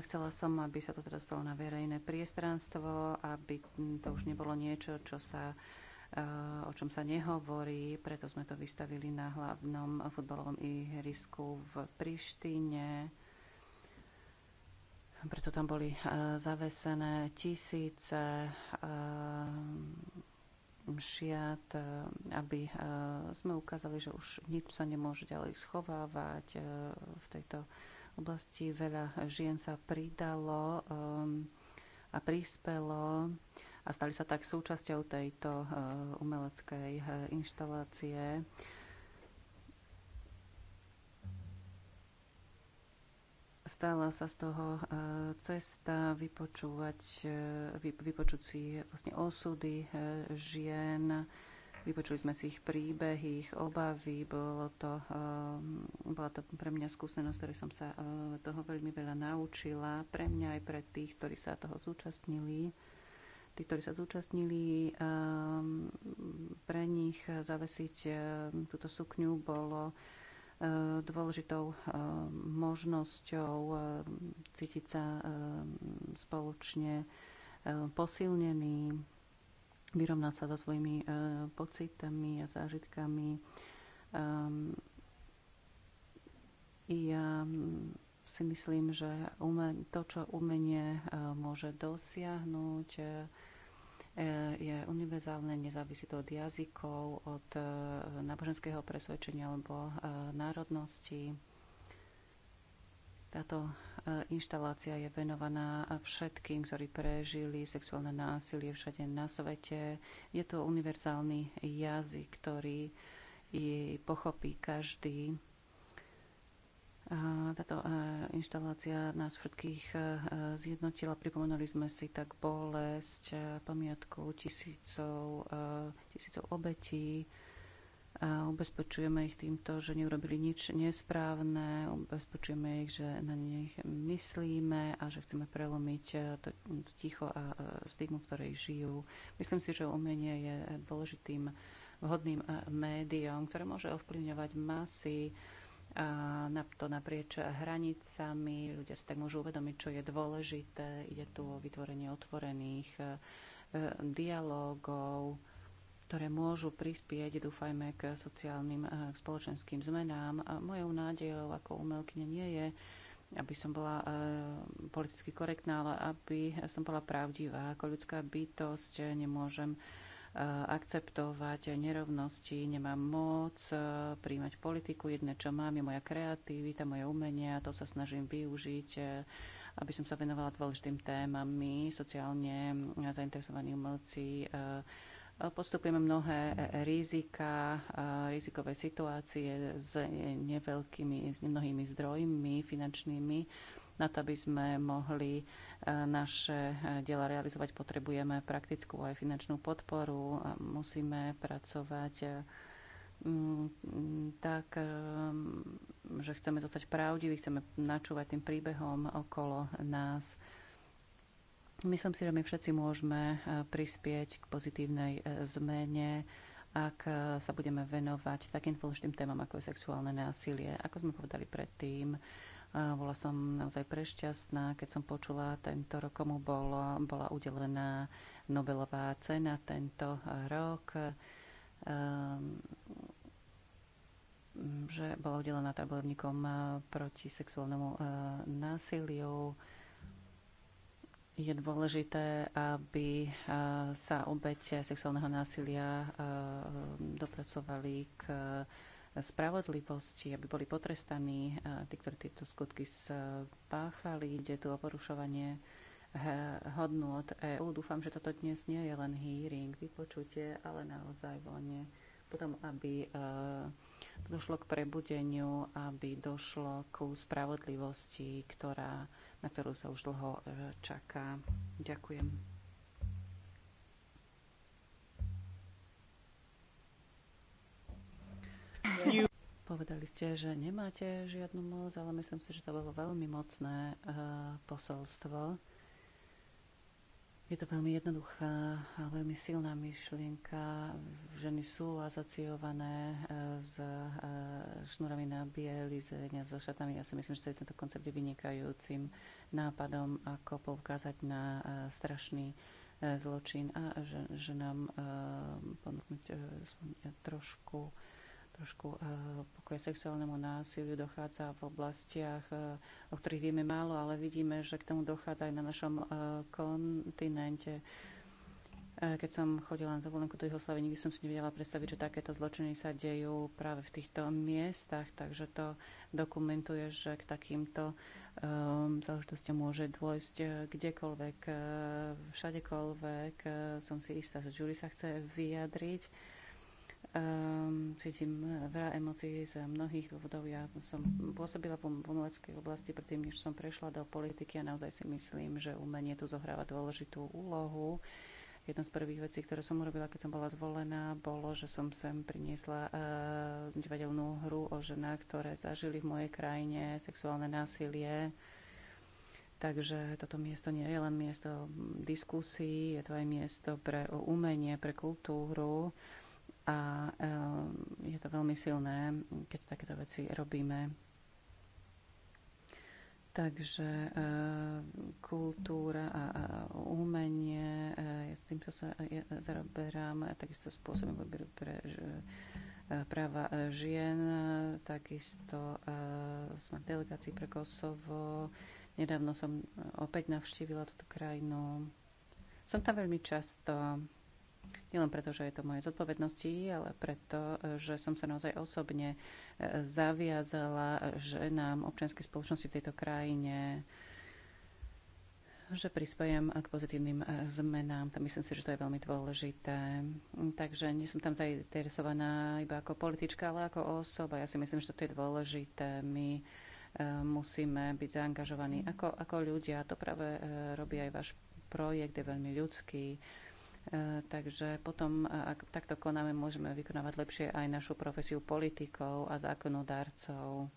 Chcela som, aby sa to teda stalo na verejné priestranstvo, aby hm, to už nebolo niečo, čo sa o čom sa nehovorí, preto sme to vystavili na hlavnom futbalovom ihrisku v Prištine. Preto tam boli e, zavesené tisíce e, šiat, e, aby sme ukázali, že už nič sa nemôže ďalej schovávať v tejto oblasti. Veľa žien sa pridalo a prispelo a stali sa tak súčasťou tejto umeleckej inštalácie. stala sa z toho e, cesta vypočúvať, e, vypočuť si vlastne osudy e, žien, Vypočuli sme si ich príbehy, ich obavy, bolo to, bola to pre mňa skúsenosť, ktorej som sa toho veľmi veľa naučila. Pre mňa aj pre tých, ktorí sa toho zúčastnili. Tí, ktorí sa zúčastnili, pre nich zavesiť túto sukňu bolo Eh, dôležitou eh, možnosťou eh, cítiť sa spoločne posilnený, vyrovnať sa so svojimi pocitami a zážitkami. Ehm, ja mm, si myslím, že to, čo umenie môže dosiahnuť, E, je univerzálne, nezávisí to od jazykov, od e, náboženského presvedčenia alebo e, národnosti. Táto inštalácia je venovaná všetkým, ktorí prežili sexuálne násilie všade na svete. Je to univerzálny jazyk, ktorý pochopí každý. Táto e, inštalácia nás všetkých e, zjednotila. Pripomenuli sme si tak bolesť, e, pamiatku tisícov, tisícov obetí. A ubezpečujeme ich týmto, že neurobili nič nesprávne, ubezpečujeme ich, že na nich myslíme a že chceme prelomiť to ticho a stigmu, v ktorej žijú. Myslím si, že umenie je dôležitým vhodným médiom, ktoré môže ovplyvňovať masy, na to naprieč hranicami. Ľudia si tak môžu uvedomiť, čo je dôležité. Ide tu o vytvorenie otvorených e, dialogov, ktoré môžu prispieť, dúfajme, k sociálnym e, k spoločenským zmenám. A mojou nádejou ako umelkyne nie je, aby som bola e, politicky korektná, ale aby som bola pravdivá. Ako ľudská bytosť nemôžem Eh, akceptovať nerovnosti, nemám moc, eh, príjmať politiku. Jedné, čo mám, je moja kreativita, moje umenie a to sa snažím využiť, eh, aby som sa venovala dôležitým témami. Sociálne zainteresovaní umelci postupujeme mnohé rizika, rizikové situácie s, neveľkými, s mnohými zdrojmi finančnými na to, aby sme mohli e, naše e, diela realizovať, potrebujeme praktickú aj finančnú podporu. Musíme pracovať e, tak, že chceme zostať pravdiví, chceme načúvať tým príbehom okolo nás. Myslím si, že my všetci môžeme prispieť k pozitívnej zmene, ak sa budeme venovať takým dôležitým témam, ako je sexuálne násilie. Ako sme povedali predtým, bola som naozaj prešťastná, keď som počula, tento rok komu bol, bola udelená Nobelová cena tento rok ehm, že bola udelená tábojovníkom teda e, proti sexuálnemu e, násiliu. Je dôležité, aby e, sa obete sexuálneho násilia dopracovali k spravodlivosti, aby boli potrestaní e, tí, ktorí tieto skutky spáchali. Ide tu o porušovanie e, hodnot EÚ. Dúfam, že toto dnes nie je len hearing, vypočutie, ale naozaj volanie potom, aby e, došlo k prebudeniu, aby došlo ku spravodlivosti, ktorá, na ktorú sa už dlho čaká. Ďakujem. Povedali ste, že nemáte žiadnu moc, ale myslím si, že to bolo veľmi mocné eh, posolstvo. Je to veľmi jednoduchá a veľmi silná myšlienka. Ženy sú asociované eh, s eh, šnurami na bielizeň so šatami. Ja si myslím, že celý tento koncept je vynikajúcim nápadom, ako poukázať na strašný zločin a že, že nám ponúknuť trošku trošku eh, pokoj sexuálnemu násiliu dochádza v oblastiach, eh, o ktorých vieme málo, ale vidíme, že k tomu dochádza aj na našom eh, kontinente. Keď som chodila na dovolenku do Jugoslavy, nikdy som si nevedela predstaviť, že takéto zločiny sa dejú práve v týchto miestach, takže to dokumentuje, že k takýmto um, záležitostiam môže dôjsť kdekoľvek, všadekoľvek. Som si istá, že Julie sa chce vyjadriť. Um, cítim eh, veľa emócií z mnohých dôvodov. Ja som pôsobila v umeleckej oblasti predtým, než som prešla do politiky a naozaj si myslím, že umenie tu zohráva dôležitú úlohu. Jedna z prvých vecí, ktoré som urobila, keď som bola zvolená, bolo, že som sem priniesla uh, divadelnú hru o ženách, ktoré zažili v mojej krajine sexuálne násilie. Takže toto miesto nie je len miesto diskusí, je to aj miesto pre umenie, pre kultúru. A eh, je to veľmi silné, keď takéto veci robíme. Takže eh, kultúra a umenie, eh, ja s týmto sa ja zaoberám, takisto spôsobom výberu pre práva žien, takisto sme v delegácii pre Kosovo. Nedávno som opäť navštívila túto krajinu. Som tam veľmi často. Nielen preto, že je to moje zodpovednosti, ale preto, že som sa naozaj osobne e, zaviazala že nám občianskej spoločnosti v tejto krajine, že prispiejem k pozitívnym e, zmenám. Myslím si, že to je veľmi dôležité. Takže nie som tam zainteresovaná iba ako politička, ale ako osoba. Ja si myslím, že to je dôležité. My e, musíme byť zaangažovaní ako, ako ľudia. To práve robí aj váš projekt, je veľmi ľudský Eh, takže potom, ak takto konáme, môžeme vykonávať lepšie aj našu profesiu politikov a zákonodárcov.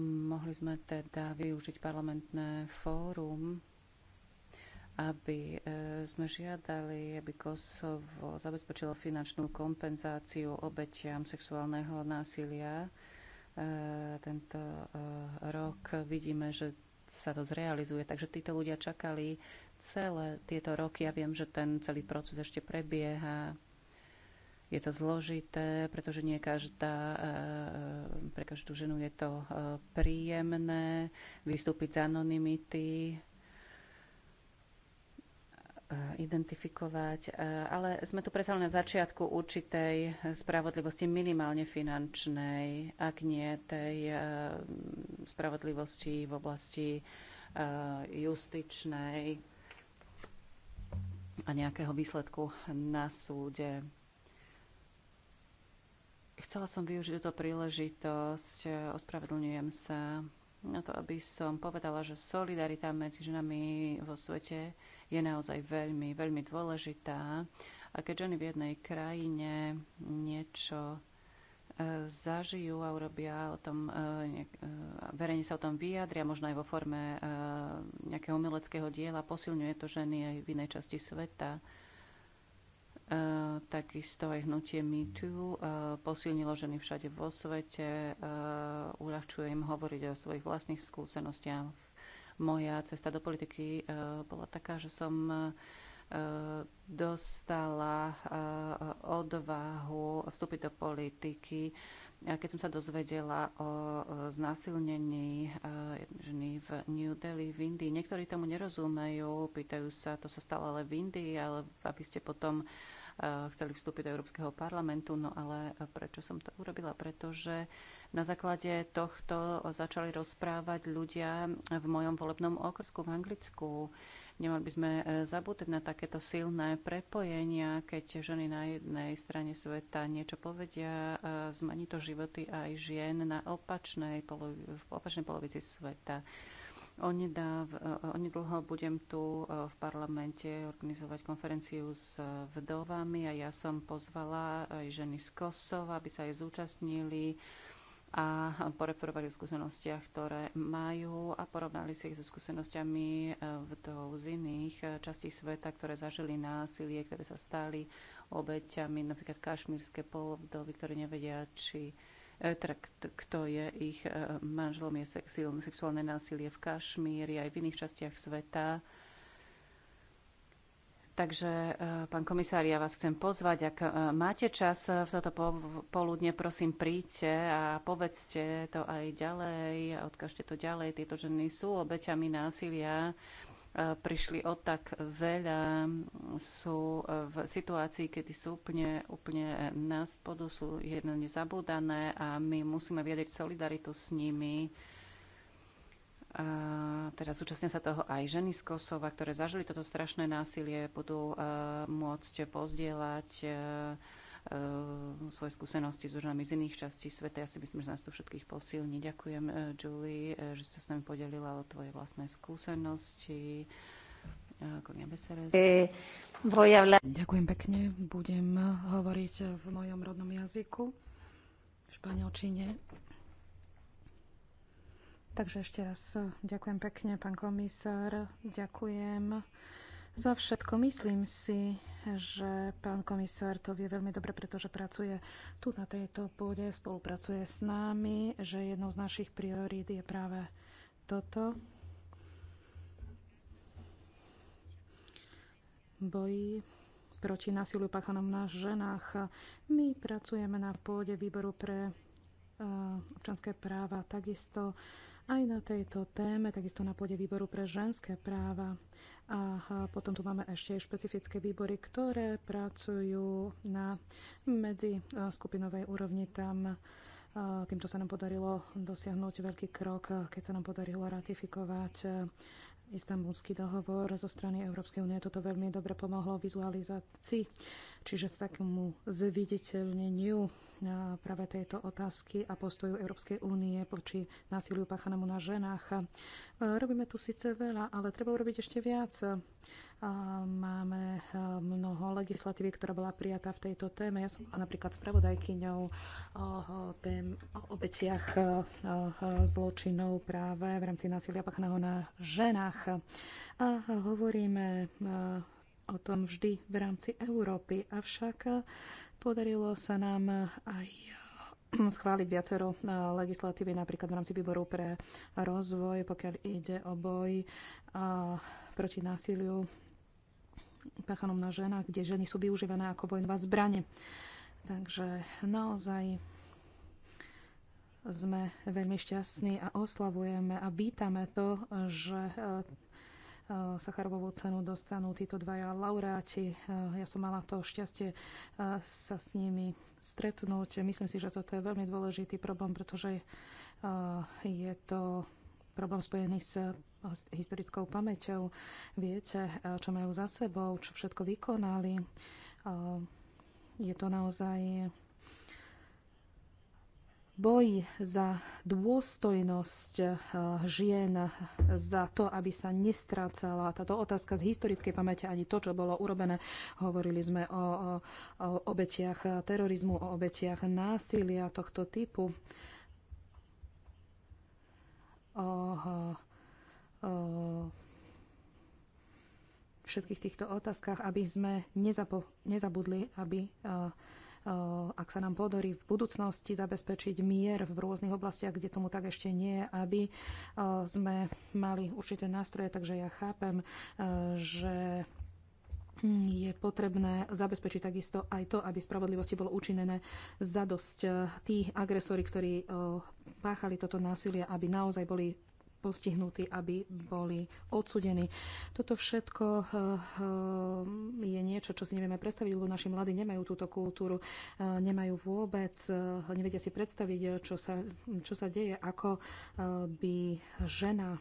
Mohli sme teda využiť parlamentné fórum, aby eh, sme žiadali, aby Kosovo zabezpečilo finančnú kompenzáciu obetiam sexuálneho násilia E, tento e, rok vidíme, že sa to zrealizuje. Takže títo ľudia čakali celé tieto roky. Ja viem, že ten celý proces ešte prebieha. Je to zložité, pretože nie každá, e, pre každú ženu je to príjemné vystúpiť z anonymity Eh, identifikovať, eh, ale sme tu predsa na začiatku určitej spravodlivosti, minimálne finančnej, ak nie tej eh, spravodlivosti v oblasti justičnej a nejakého výsledku na súde. Chcela som využiť túto príležitosť, ospravedlňujem sa na to, aby som povedala, že solidarita medzi ženami vo svete je naozaj veľmi, veľmi dôležitá. A keď ženy v jednej krajine niečo e, zažijú a urobia o tom, e, e, verejne sa o tom vyjadria, možno aj vo forme nejakého umeleckého diela, posilňuje to ženy aj v inej časti sveta. Takisto aj hnutie MeToo posilnilo ženy všade vo svete, uľahčuje im hovoriť o svojich vlastných skúsenostiach, moja cesta do politiky eh, bola taká, že som eh, dostala eh, odvahu vstúpiť do politiky, keď som sa dozvedela o znásilnení ženy v New Delhi v Indii. Niektorí tomu nerozumejú, pýtajú sa, to sa stalo ale v Indii, ale aby ste potom Eh, chceli vstúpiť do Európskeho parlamentu. No ale prečo som to urobila? Pretože na základe tohto začali rozprávať ľudia v mojom volebnom okrsku v Anglicku. Nemali by sme eh, zabúdať na takéto silné prepojenia, keď ženy na jednej strane sveta niečo povedia, eh, zmení to životy aj žien na opačnej, v opačnej polovici sveta. Onedáv, e, e, onedlho budem tu e, v parlamente organizovať konferenciu s vdovami a ja som pozvala aj ženy z Kosova, aby sa aj zúčastnili a poreferovali o skúsenostiach, ktoré majú a porovnali si ich so skúsenostiami v toho z iných častí sveta, ktoré zažili násilie, ktoré sa stali obeťami, napríklad kašmírske polovdovy, ktoré nevedia, či E, teda kto je ich e, manželom, je sexuálne násilie v Kašmíri aj v iných častiach sveta. Takže, e, pán komisár, ja vás chcem pozvať, ak máte čas v toto poludne, prosím, príďte a povedzte to aj ďalej, odkažte to ďalej. Tieto ženy sú obeťami násilia prišli o tak veľa, sú v situácii, kedy sú úplne, úplne na spodu, sú jedno nezabúdané a my musíme viedeť solidaritu s nimi. A teda súčasne sa toho aj ženy z Kosova, ktoré zažili toto strašné násilie, budú uh, môcť pozdieľať uh, Eh, svoje skúsenosti s ženami z iných častí sveta. Ja si myslím, že nás tu všetkých posilní. Ďakujem, eh, Julie, eh, že sa s nami podelila o tvoje vlastné skúsenosti. Ďakujem pekne. Budem hovoriť v mojom rodnom jazyku, v španielčine. Takže ešte raz ďakujem pekne, pán komisár. Ďakujem za všetko. Myslím si, že pán komisár to vie veľmi dobre, pretože pracuje tu na tejto pôde, spolupracuje s nami, že jednou z našich priorít je práve toto. Boji proti násiliu páchanom na ženách. My pracujeme na pôde výboru pre eh, občanské práva takisto aj na tejto téme, takisto na pôde výboru pre ženské práva. A potom tu máme ešte aj špecifické výbory, ktoré pracujú na medzi skupinovej úrovni. Tam e, týmto sa nám podarilo dosiahnuť veľký krok, keď sa nám podarilo ratifikovať e, Istanbulský dohovor zo strany Európskej únie. Toto veľmi dobre pomohlo vizualizácii Čiže s takému zviditeľneniu práve tejto otázky a postoju Európskej únie poči násiliu páchanému na ženách. Robíme tu síce veľa, ale treba urobiť ešte viac. Máme mnoho legislatívy, ktorá bola prijatá v tejto téme. Ja som napríklad spravodajkyňou o, tém, o obetiach zločinov práve v rámci násilia páchaného na ženách. A hovoríme o tom vždy v rámci Európy, avšak eh, podarilo sa nám aj eh, schváliť viacero eh, legislatívy, napríklad v rámci výboru pre rozvoj, pokiaľ ide o boj proti násiliu páchanom na ženách, kde ženy sú využívané ako vojnová zbranie. Takže naozaj sme veľmi šťastní a oslavujeme a vítame to, že Eh, Sacharovovú cenu dostanú títo dvaja laureáti. Eh, ja som mala to šťastie eh, sa s nimi stretnúť. Myslím si, že toto je veľmi dôležitý problém, pretože je to problém spojený s historickou pamäťou. Viete, čo majú za sebou, čo všetko vykonali. Je to naozaj Boj za dôstojnosť eh, žien, za to, aby sa nestrácala táto otázka z historickej pamäte, ani to, čo bolo urobené. Hovorili sme o, o, o obetiach terorizmu, o obetiach násilia tohto typu. O, o, všetkých týchto otázkach, aby sme nezabudli, aby eh, Eh, ak sa nám podarí v budúcnosti zabezpečiť mier v rôznych oblastiach, kde tomu tak ešte nie je, aby eh, sme mali určité nástroje. Takže ja chápem, eh, že hm, je potrebné zabezpečiť takisto aj to, aby spravodlivosti bolo učinené dosť tí agresori, ktorí páchali toto násilie, aby naozaj boli postihnutí, aby boli odsudení. Toto všetko eh, eh, je niečo, čo si nevieme predstaviť, lebo naši mladí nemajú túto kultúru, eh, nemajú vôbec, nevedia si predstaviť, čo sa, čo sa deje, ako by žena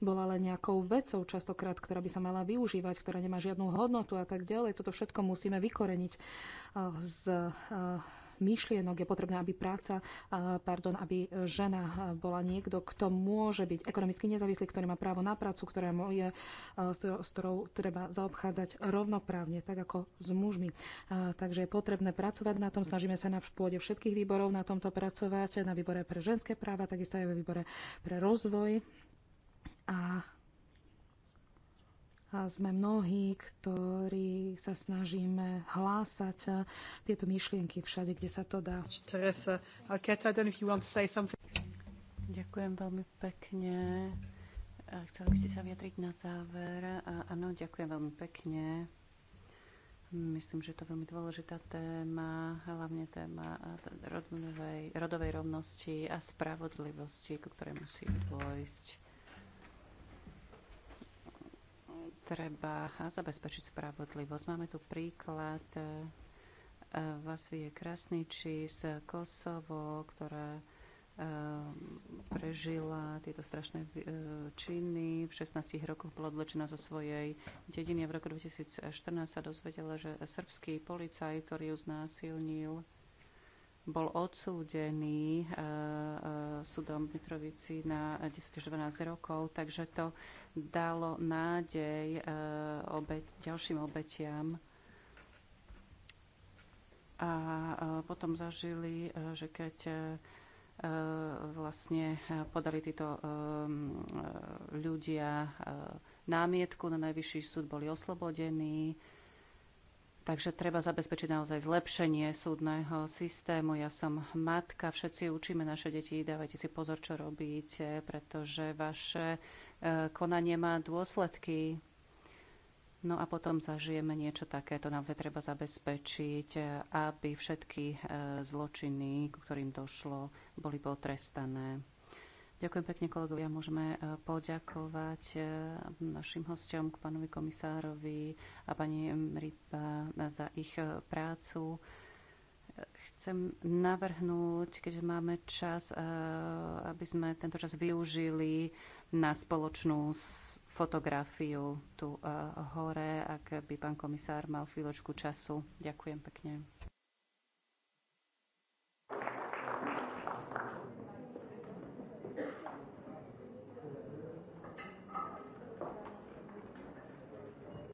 bola len nejakou vecou častokrát, ktorá by sa mala využívať, ktorá nemá žiadnu hodnotu a tak ďalej. Toto všetko musíme vykoreniť z myšlienok. Je potrebné, aby práca, pardon, aby žena bola niekto, kto môže byť ekonomicky nezávislý, ktorý má právo na prácu, ktorá je, s ktorou treba zaobchádzať rovnoprávne, tak ako s mužmi. Takže je potrebné pracovať na tom. Snažíme sa na pôde všetkých výborov na tomto pracovať, na výbore pre ženské práva, takisto aj vo výbore pre rozvoj. A a sme mnohí, ktorí sa snažíme hlásať tieto myšlienky všade, kde sa to dá. Ďakujem veľmi pekne. Chcela by ste sa vyjadriť na záver. áno, ďakujem veľmi pekne. Myslím, že to je veľmi dôležitá téma, hlavne téma rodovej, rodovej rovnosti a spravodlivosti, ku ktorej musí dôjsť treba zabezpečiť spravodlivosť. Máme tu príklad e, Vasvie Krasniči z Kosovo, ktorá e, prežila tieto strašné e, činy. V 16 rokoch bola odlečená zo svojej dediny a v roku 2014 sa dozvedela, že srbský policaj, ktorý ju znásilnil, bol odsúdený e, e, súdom Mitrovici na 10-12 rokov, takže to dalo nádej e, obeť, ďalším obetiam. A potom zažili, že keď vlastne podali títo ľudia námietku na najvyšší súd, boli oslobodení, Takže treba zabezpečiť naozaj zlepšenie súdneho systému. Ja som matka, všetci učíme naše deti, dávajte si pozor, čo robíte, pretože vaše e, konanie má dôsledky. No a potom zažijeme niečo takéto. Naozaj treba zabezpečiť, e, aby všetky e, zločiny, ku ktorým došlo, boli potrestané. Ďakujem pekne kolegovia. Môžeme e, poďakovať e, našim hostom, k pánovi komisárovi a pani Mripa e, za ich prácu. Chcem navrhnúť, keďže máme čas, aby sme tento čas využili na spoločnú fotografiu tu hore, ak by pán komisár mal chvíľočku času. Ďakujem pekne.